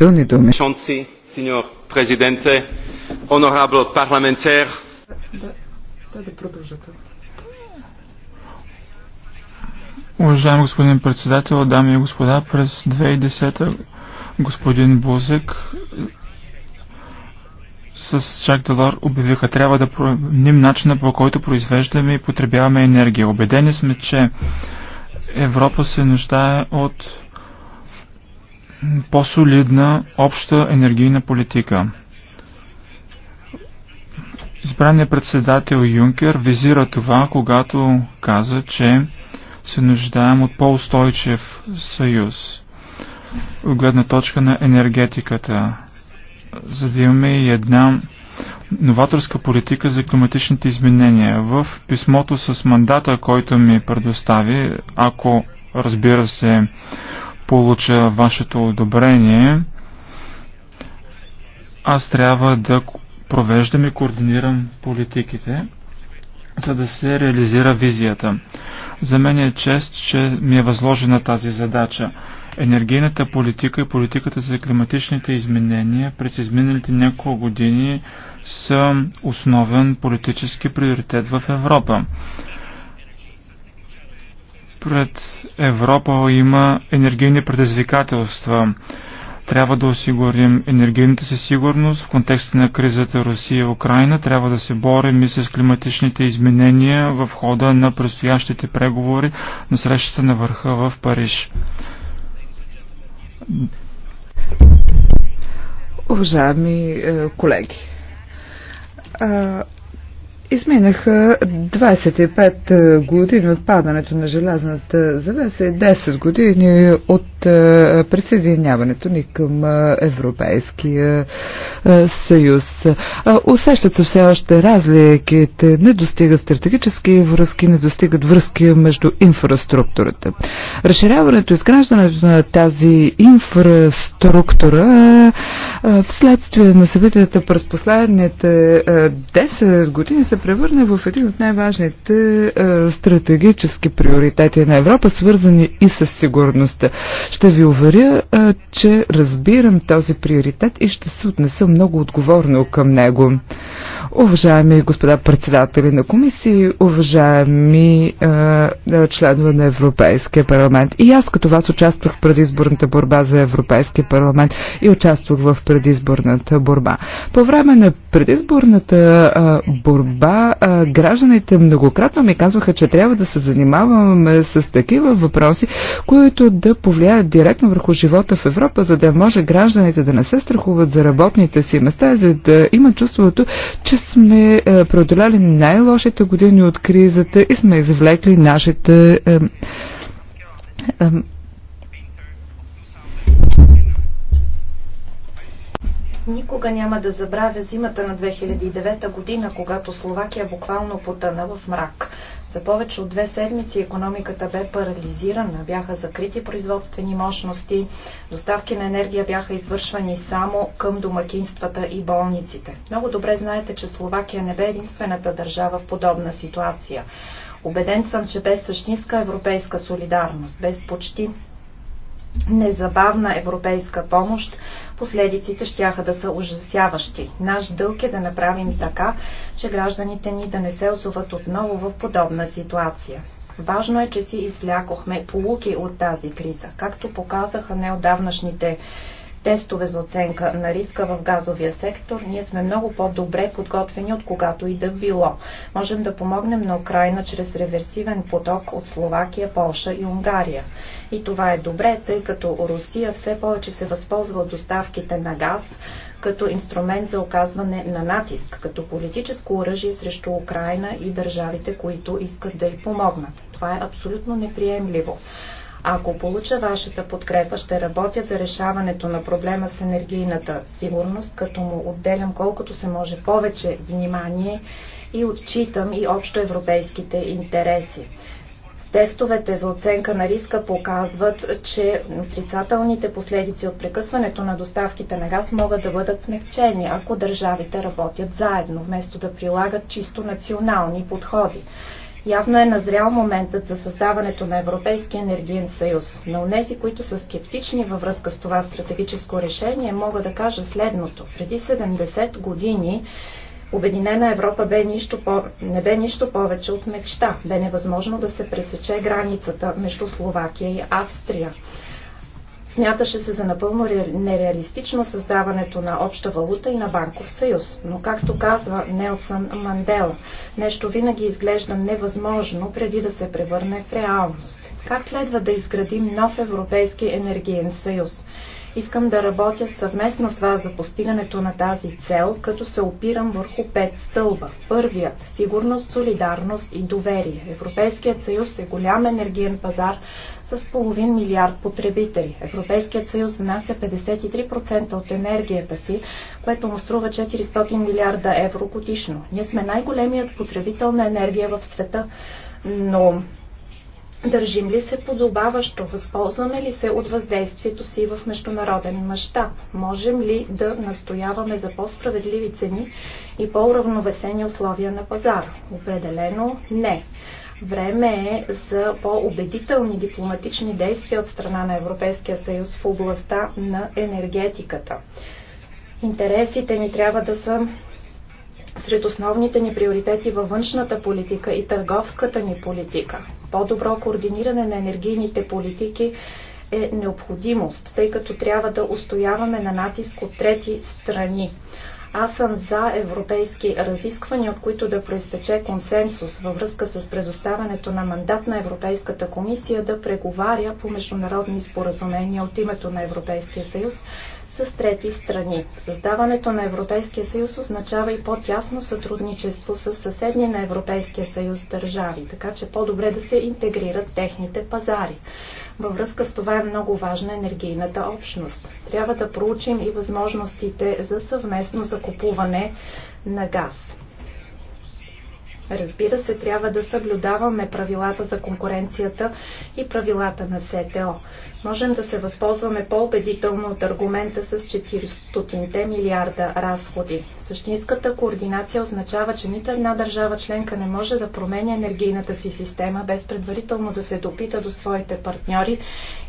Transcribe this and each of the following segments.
заключителни думи. Сеньор президенте, Уважаеми господин председател, дами и господа, през 2010 господин Бузик с Чак Делор обявиха, трябва да променим начина по който произвеждаме и потребяваме енергия. Обедени сме, че Европа се нуждае от по-солидна обща енергийна политика. Избраният председател Юнкер визира това, когато каза, че се нуждаем от по-устойчив съюз от гледна точка на енергетиката, за да имаме и една новаторска политика за климатичните изменения. В писмото с мандата, който ми предостави, ако разбира се получа вашето одобрение, аз трябва да провеждам и координирам политиките, за да се реализира визията. За мен е чест, че ми е възложена тази задача. Енергийната политика и политиката за климатичните изменения през изминалите няколко години са основен политически приоритет в Европа. Пред Европа има енергийни предизвикателства. Трябва да осигурим енергийната си сигурност в контекста на кризата Русия и Украина. Трябва да се борим и с климатичните изменения в хода на предстоящите преговори на срещата на върха в Париж. Уважаеми е, колеги, е, Изминаха 25 е, години от падането на желязната завеса и 10 години от е, присъединяването ни към е, Европейския съюз. Усещат се все още разликите, не достигат стратегически връзки, не достигат връзки между инфраструктурата. Разширяването и изграждането на тази инфраструктура вследствие на събитията през последните 10 години се превърне в един от най-важните е, стратегически приоритети на Европа, свързани и с сигурността. Ще ви уверя, е, че разбирам този приоритет и ще се отнеса много отговорно към него. Уважаеми господа председатели на комисии, уважаеми е, е, членове на Европейския парламент. И аз като вас участвах в предизборната борба за Европейския парламент и участвах в предизборната борба. По време на предизборната е, борба е, гражданите многократно ми казваха, че трябва да се занимаваме с такива въпроси, които да повлияят директно върху живота в Европа, за да може гражданите да не се страхуват за работните си места, за да имат чувството, че сме е, преодоляли най-лошите години от кризата и сме извлекли нашите е, е, Никога няма да забравя зимата на 2009 година, когато Словакия буквално потъна в мрак. За повече от две седмици економиката бе парализирана, бяха закрити производствени мощности, доставки на енергия бяха извършвани само към домакинствата и болниците. Много добре знаете, че Словакия не бе единствената държава в подобна ситуация. Обеден съм, че без същинска европейска солидарност, без почти незабавна европейска помощ, последиците щяха да са ужасяващи. Наш дълг е да направим така, че гражданите ни да не се озоват отново в подобна ситуация. Важно е, че си извлякохме полуки от тази криза. Както показаха неодавнашните тестове за оценка на риска в газовия сектор, ние сме много по-добре подготвени от когато и да било. Можем да помогнем на Украина чрез реверсивен поток от Словакия, Полша и Унгария. И това е добре, тъй като Русия все повече се възползва от доставките на газ като инструмент за оказване на натиск, като политическо оръжие срещу Украина и държавите, които искат да й помогнат. Това е абсолютно неприемливо. Ако получа вашата подкрепа, ще работя за решаването на проблема с енергийната сигурност, като му отделям колкото се може повече внимание и отчитам и общо европейските интереси. Тестовете за оценка на риска показват, че отрицателните последици от прекъсването на доставките на газ могат да бъдат смягчени, ако държавите работят заедно, вместо да прилагат чисто национални подходи. Явно е назрял моментът за създаването на Европейския енергиен съюз. На унези, които са скептични във връзка с това стратегическо решение, мога да кажа следното. Преди 70 години Обединена Европа бе нищо по... не бе нищо повече от мечта. Бе невъзможно да се пресече границата между Словакия и Австрия. Смяташе се за напълно нереалистично създаването на обща валута и на банков съюз. Но както казва Нелсън Мандела, нещо винаги изглежда невъзможно преди да се превърне в реалност. Как следва да изградим нов европейски енергиен съюз? Искам да работя съвместно с вас за постигането на тази цел, като се опирам върху пет стълба. Първият – сигурност, солидарност и доверие. Европейският съюз е голям енергиен пазар с половин милиард потребители. Европейският съюз внася 53% от енергията си, което му струва 400 милиарда евро годишно. Ние сме най-големият потребител на енергия в света, но Държим ли се подобаващо? Възползваме ли се от въздействието си в международен мащаб? Можем ли да настояваме за по-справедливи цени и по-уравновесени условия на пазара? Определено не. Време е за по-убедителни дипломатични действия от страна на Европейския съюз в областта на енергетиката. Интересите ни трябва да са сред основните ни приоритети във външната политика и търговската ни политика. По-добро координиране на енергийните политики е необходимост, тъй като трябва да устояваме на натиск от трети страни. Аз съм за европейски разисквания, от които да проистече консенсус във връзка с предоставянето на мандат на Европейската комисия да преговаря по международни споразумения от името на Европейския съюз с трети страни. Създаването на Европейския съюз означава и по-тясно сътрудничество с съседни на Европейския съюз държави, така че по-добре да се интегрират техните пазари. Във връзка с това е много важна енергийната общност. Трябва да проучим и възможностите за съвместно закупуване на газ. Разбира се, трябва да съблюдаваме правилата за конкуренцията и правилата на СТО. Можем да се възползваме по-убедително от аргумента с 400 те милиарда разходи. Същинската координация означава, че нито една държава членка не може да променя енергийната си система без предварително да се допита до своите партньори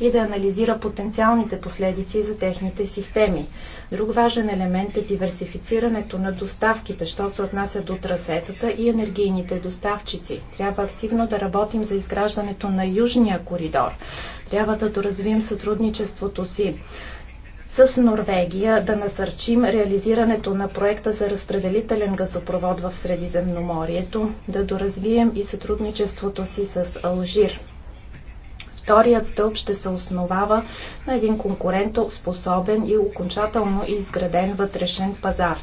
и да анализира потенциалните последици за техните системи. Друг важен елемент е диверсифицирането на доставките, що се отнася до трасетата и енергийната енергийните доставчици. Трябва активно да работим за изграждането на Южния коридор. Трябва да доразвием сътрудничеството си с Норвегия да насърчим реализирането на проекта за разпределителен газопровод в Средиземноморието, да доразвием и сътрудничеството си с Алжир. Вторият стълб ще се основава на един конкурентоспособен и окончателно изграден вътрешен пазар.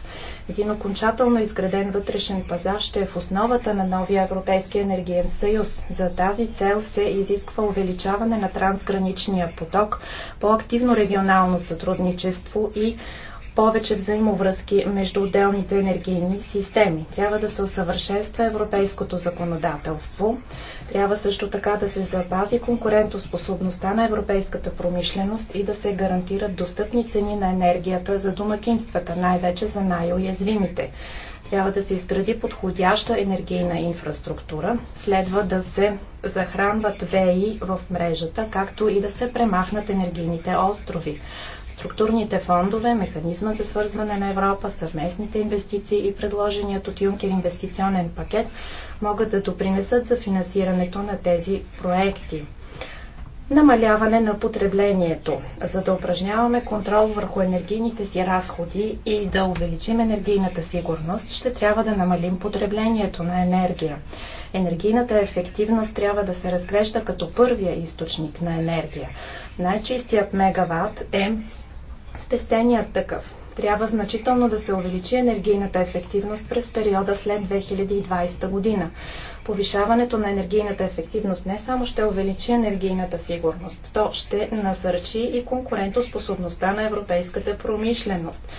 Един окончателно изграден вътрешен пазар ще е в основата на новия Европейски енергиен съюз. За тази цел се изисква увеличаване на трансграничния поток, по-активно регионално сътрудничество и повече взаимовръзки между отделните енергийни системи. Трябва да се усъвършенства европейското законодателство. Трябва също така да се запази конкурентоспособността на европейската промишленост и да се гарантират достъпни цени на енергията за домакинствата, най-вече за най-уязвимите. Трябва да се изгради подходяща енергийна инфраструктура. Следва да се захранват ВЕИ в мрежата, както и да се премахнат енергийните острови. Структурните фондове, механизма за свързване на Европа, съвместните инвестиции и предложеният от Юнкер инвестиционен пакет могат да допринесат за финансирането на тези проекти намаляване на потреблението, за да упражняваме контрол върху енергийните си разходи и да увеличим енергийната сигурност, ще трябва да намалим потреблението на енергия. Енергийната ефективност трябва да се разглежда като първия източник на енергия. Най-чистият мегаватт е спестеният такъв. Трябва значително да се увеличи енергийната ефективност през периода след 2020 година. Повишаването на енергийната ефективност не само ще увеличи енергийната сигурност, то ще насърчи и конкурентоспособността на европейската промишленост.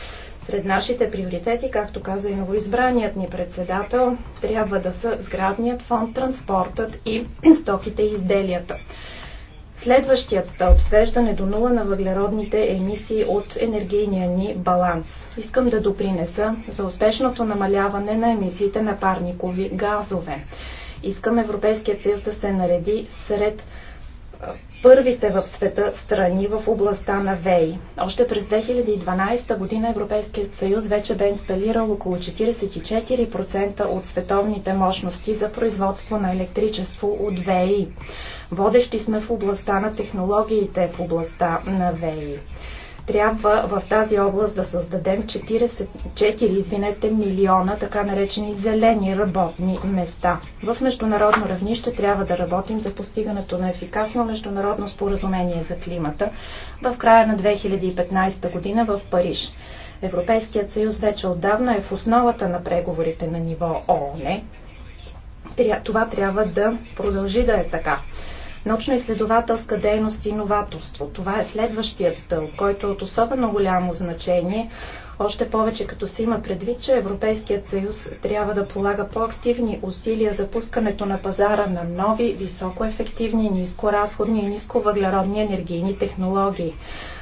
Сред нашите приоритети, както каза и новоизбраният ни председател, трябва да са сградният фонд, транспортът и стоките и изделията. Следващият стълб свеждане до нула на въглеродните емисии от енергийния ни баланс. Искам да допринеса за успешното намаляване на емисиите на парникови газове. Искам Европейският съюз да се нареди сред първите в света страни в областта на ВЕИ. Още през 2012 година Европейският съюз вече бе инсталирал около 44% от световните мощности за производство на електричество от ВЕИ. Водещи сме в областта на технологиите в областта на ВЕИ трябва в тази област да създадем 44 извинете, милиона така наречени зелени работни места. В международно равнище трябва да работим за постигането на ефикасно международно споразумение за климата в края на 2015 година в Париж. Европейският съюз вече отдавна е в основата на преговорите на ниво ООН. Това трябва да продължи да е така. Научно-изследователска дейност и новаторство. Това е следващият стълб, който е от особено голямо значение, още повече като се има предвид, че Европейският съюз трябва да полага по-активни усилия за пускането на пазара на нови, високоефективни, нискоразходни и нисковъглеродни енергийни технологии.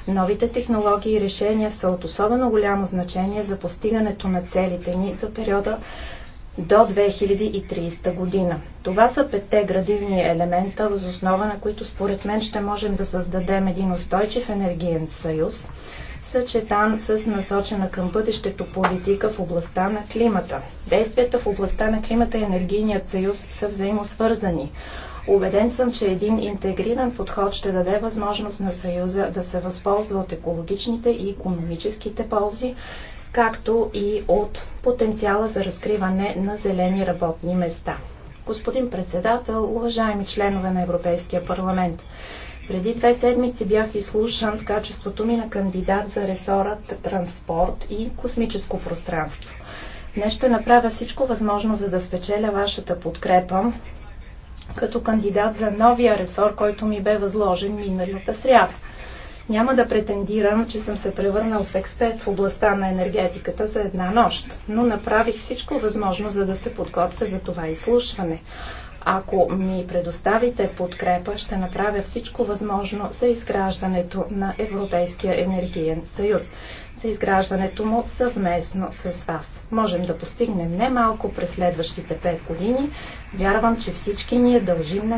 Новите технологии и решения са от особено голямо значение за постигането на целите ни за периода до 2030 година. Това са петте градивни елемента, въз основа на които според мен ще можем да създадем един устойчив енергиен съюз, съчетан с насочена към бъдещето политика в областта на климата. Действията в областта на климата и енергийният съюз са взаимосвързани. Убеден съм, че един интегриран подход ще даде възможност на Съюза да се възползва от екологичните и економическите ползи, както и от потенциала за разкриване на зелени работни места. Господин председател, уважаеми членове на Европейския парламент, преди две седмици бях изслушан в качеството ми на кандидат за ресорът транспорт и космическо пространство. Днес ще направя всичко възможно, за да спечеля вашата подкрепа като кандидат за новия ресор, който ми бе възложен миналата сряда – няма да претендирам, че съм се превърнал в експерт в областта на енергетиката за една нощ, но направих всичко възможно, за да се подготвя за това изслушване. Ако ми предоставите подкрепа, ще направя всичко възможно за изграждането на Европейския енергиен съюз, за изграждането му съвместно с вас. Можем да постигнем немалко през следващите 5 години. Вярвам, че всички ние дължим на